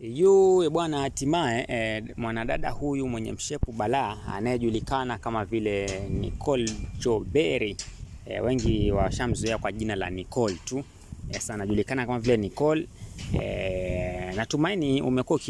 Yu bwana, hatimaye eh, mwanadada huyu mwenye mshepu balaa anayejulikana kama vile Nicole Joberi eh, wengi washamzoea kwa jina la Nicole tu. Eh, sana anajulikana kama vile Nicole eh, Eh, natumaini umekuwa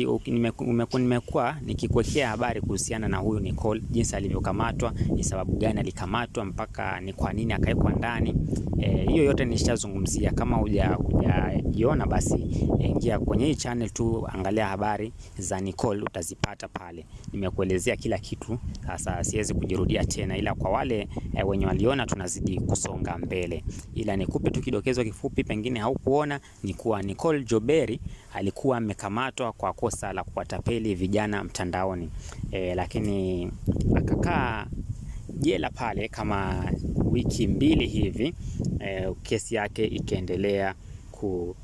nimekuwa nikikuwekea habari kuhusiana na huyu Nicole, jinsi alivyokamatwa, ni sababu gani alikamatwa, mpaka ni kwa nini akawekwa ndani. Eh, hiyo e, yote nishazungumzia. Kama hujaiona basi ingia kwenye hii channel tu, angalia habari za Nicole utazipata pale. Nimekuelezea kila kitu, sasa siwezi kujirudia tena, ila kwa wale e, wenye waliona tunazidi kusonga mbele, ila nikupe tu kidokezo kifupi, pengine haukuona, ni kuwa Nicole Joberi alikuwa alikuwa amekamatwa kwa kosa la kuwatapeli vijana mtandaoni e, lakini akakaa jela pale kama wiki mbili hivi e, kesi yake ikiendelea ku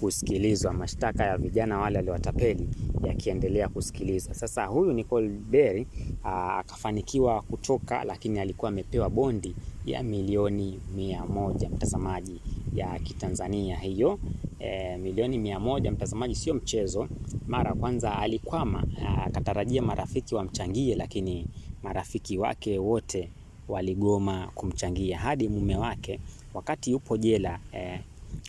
kusikilizwa mashtaka ya vijana wale waliowatapeli yakiendelea kusikilizwa. Sasa huyu Nicole Berry akafanikiwa kutoka, lakini alikuwa amepewa bondi ya milioni mia moja mtazamaji ya Kitanzania hiyo e, milioni mia moja mtazamaji, sio mchezo. Mara kwanza alikwama, ah, akatarajia marafiki wamchangie, lakini marafiki wake wote waligoma kumchangia hadi mume wake wakati yupo jela e,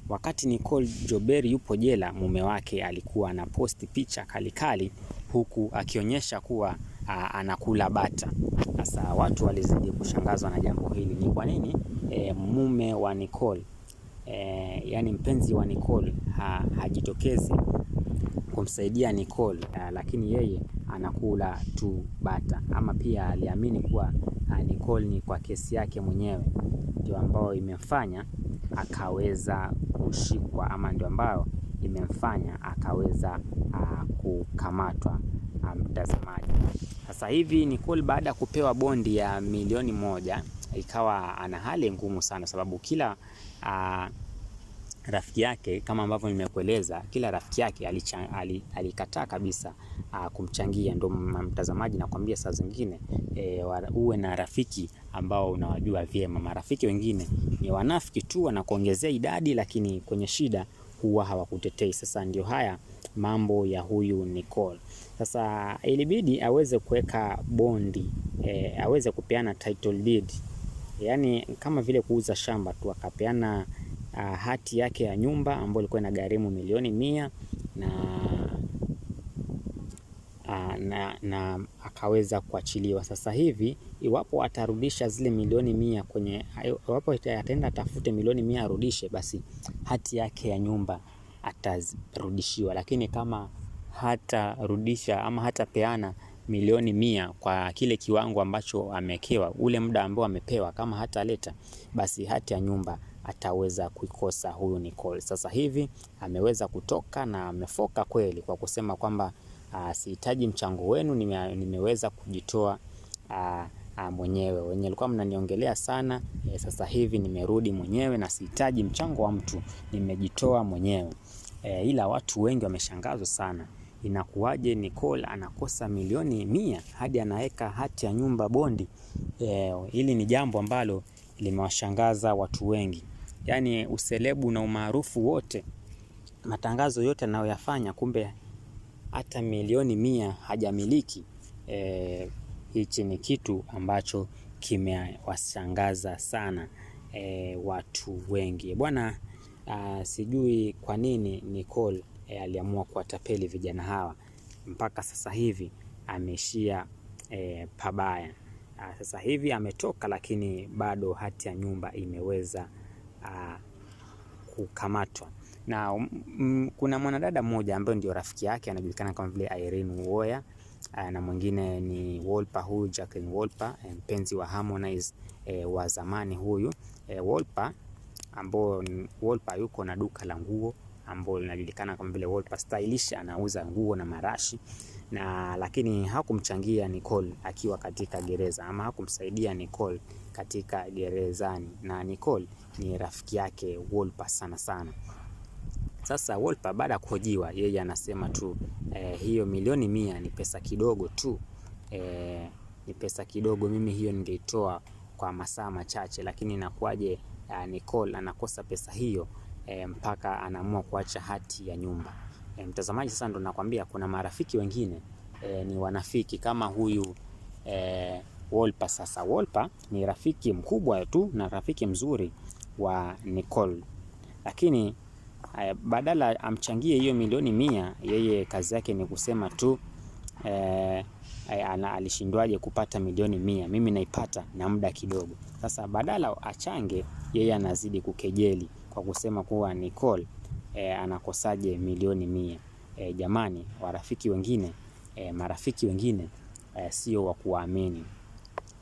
wakati Nicole Jobber yupo jela, mume wake alikuwa na post picha kalikali huku akionyesha kuwa a, anakula bata. Sasa watu walizidi kushangazwa na jambo hili, ni kwa nini e, mume wa Nicole eh, yani mpenzi wa Nicole ha, hajitokezi kumsaidia Nicole eh, lakini yeye anakula tu bata, ama pia aliamini kuwa eh, Nicole ni kwa kesi yake mwenyewe ndio ambayo imemfanya akaweza kushikwa ama ndio ambayo imemfanya akaweza uh, kukamatwa. Ah, mtazamaji. Sasa hivi Nicole baada ya kupewa bondi ya milioni moja ikawa ana hali ngumu sana, sababu kila a, ah, rafiki yake kama ambavyo nimekueleza, kila rafiki yake alikataa kabisa a, ah, kumchangia. Ndo mtazamaji, nakwambia saa zingine e, uwe na rafiki ambao unawajua vyema. Marafiki wengine ni wanafiki tu, wanakuongezea idadi, lakini kwenye shida huwa hawakutetei. Sasa ndio haya mambo ya huyu Nicole. Sasa ilibidi aweze kuweka bondi e, aweze kupeana title deed, yaani kama vile kuuza shamba tu, akapeana ah, hati yake ya nyumba ambayo ilikuwa gharimu milioni mia na na, na akaweza kuachiliwa. Sasa hivi iwapo atarudisha zile milioni mia kwenye, iwapo ataenda atafute milioni mia arudishe, basi hati yake ya nyumba atarudishiwa, lakini kama hatarudisha ama hatapeana milioni mia kwa kile kiwango ambacho amekewa, ule muda ambao amepewa, kama hataleta basi hati ya nyumba ataweza kuikosa huyu Nicole. Sasa hivi ameweza kutoka na amefoka kweli kwa kusema kwamba Ah, sihitaji mchango wenu, nime, nimeweza kujitoa uh, ah, aa, ah, mwenyewe. Wenye alikuwa mnaniongelea sana e, sasa hivi nimerudi mwenyewe na sihitaji mchango wa mtu, nimejitoa mwenyewe e, ila watu wengi wameshangazwa sana Inakuwaje Nicole anakosa milioni mia hadi anaweka hati ya nyumba bondi? E, ni jambo ambalo limewashangaza watu wengi, yaani uselebu na umaarufu wote, matangazo yote anayoyafanya kumbe hata milioni mia hajamiliki. E, hichi ni kitu ambacho kimewashangaza sana e, watu wengi bwana. Ah, sijui kwa nini Nicole e, aliamua kuwatapeli vijana hawa mpaka sasa hivi ameishia e, pabaya. A, ah, sasa hivi ametoka, lakini bado hati ya nyumba imeweza a, ah, kukamatwa na m, kuna mwanadada mmoja ambaye ndio rafiki yake anajulikana kama vile Irene Uwoya eh, na mwingine ni Wolper huyu Jacqueline Wolper, eh, mpenzi wa Harmonize e, wa zamani huyu e, Wolper ambao Wolper yuko na duka la nguo ambao linajulikana kama vile Wolper Stylish, anauza nguo na marashi na lakini hakumchangia Nicole akiwa katika gereza ama hakumsaidia Nicole katika gerezani, na Nicole ni rafiki yake Wolper sana sana. Sasa Wolper baada ya kuhojiwa, yeye anasema tu eh, hiyo milioni mia ni pesa kidogo tu eh, ni pesa kidogo, mimi hiyo ningeitoa kwa masaa machache, lakini inakuwaje eh, Nicole anakosa pesa hiyo eh, mpaka anaamua kuacha hati ya nyumba eh, mtazamaji. Sasa ndo nakwambia kuna marafiki wengine eh, ni wanafiki kama huyu eh, Wolper. Sasa Wolper ni rafiki mkubwa tu na rafiki mzuri wa Nicole, lakini badala amchangie hiyo milioni mia, yeye kazi yake ni kusema tu eh, ana alishindwaje kupata milioni mia, mimi naipata na muda kidogo. Sasa badala achange, yeye anazidi kukejeli kwa kusema kuwa Nicole eh, anakosaje milioni mia. Eh, jamani warafiki wengine eh, marafiki wengine eh, sio wa kuamini.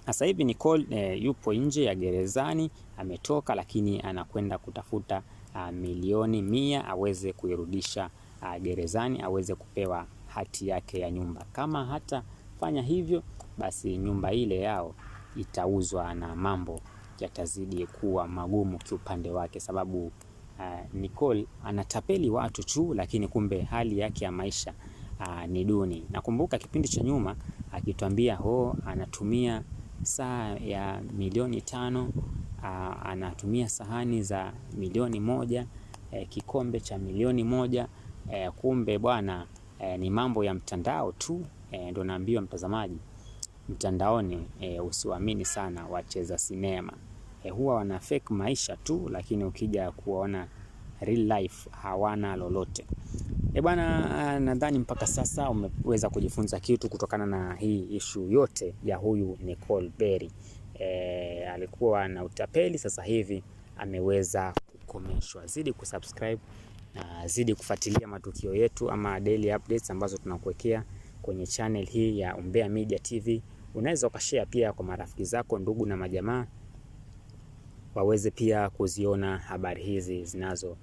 Sasa hivi Nicole eh, yupo nje ya gerezani ametoka, lakini anakwenda kutafuta Ah, milioni mia aweze kuirudisha ah, gerezani aweze kupewa hati yake ya nyumba. Kama hatafanya hivyo, basi nyumba ile yao itauzwa na mambo yatazidi kuwa magumu kiupande wake, sababu uh, Nicole anatapeli watu tu, lakini kumbe hali yake ya maisha uh, ni duni. Nakumbuka kipindi cha nyuma akitwambia ho oh, anatumia saa ya milioni tano anatumia sahani za milioni moja e, kikombe cha milioni moja e, kumbe bwana e, ni mambo ya mtandao tu e, ndio naambiwa mtazamaji mtandaoni e, usiwaamini sana wacheza sinema e, huwa wana fake maisha tu, lakini ukija kuona real life hawana lolote. E bwana, nadhani mpaka sasa umeweza kujifunza kitu kutokana na hii ishu yote ya huyu Nicole Berry e, alikuwa na utapeli, sasa hivi ameweza kukomeshwa. Zidi kusubscribe na zidi kufuatilia matukio yetu ama daily updates ambazo tunakuwekea kwenye channel hii ya Umbea Media TV. Unaweza ukashare pia kwa marafiki zako, ndugu na majamaa waweze pia kuziona habari hizi zinazo uh,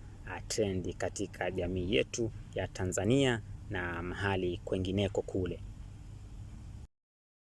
trendi katika jamii yetu ya Tanzania na mahali kwengineko kule.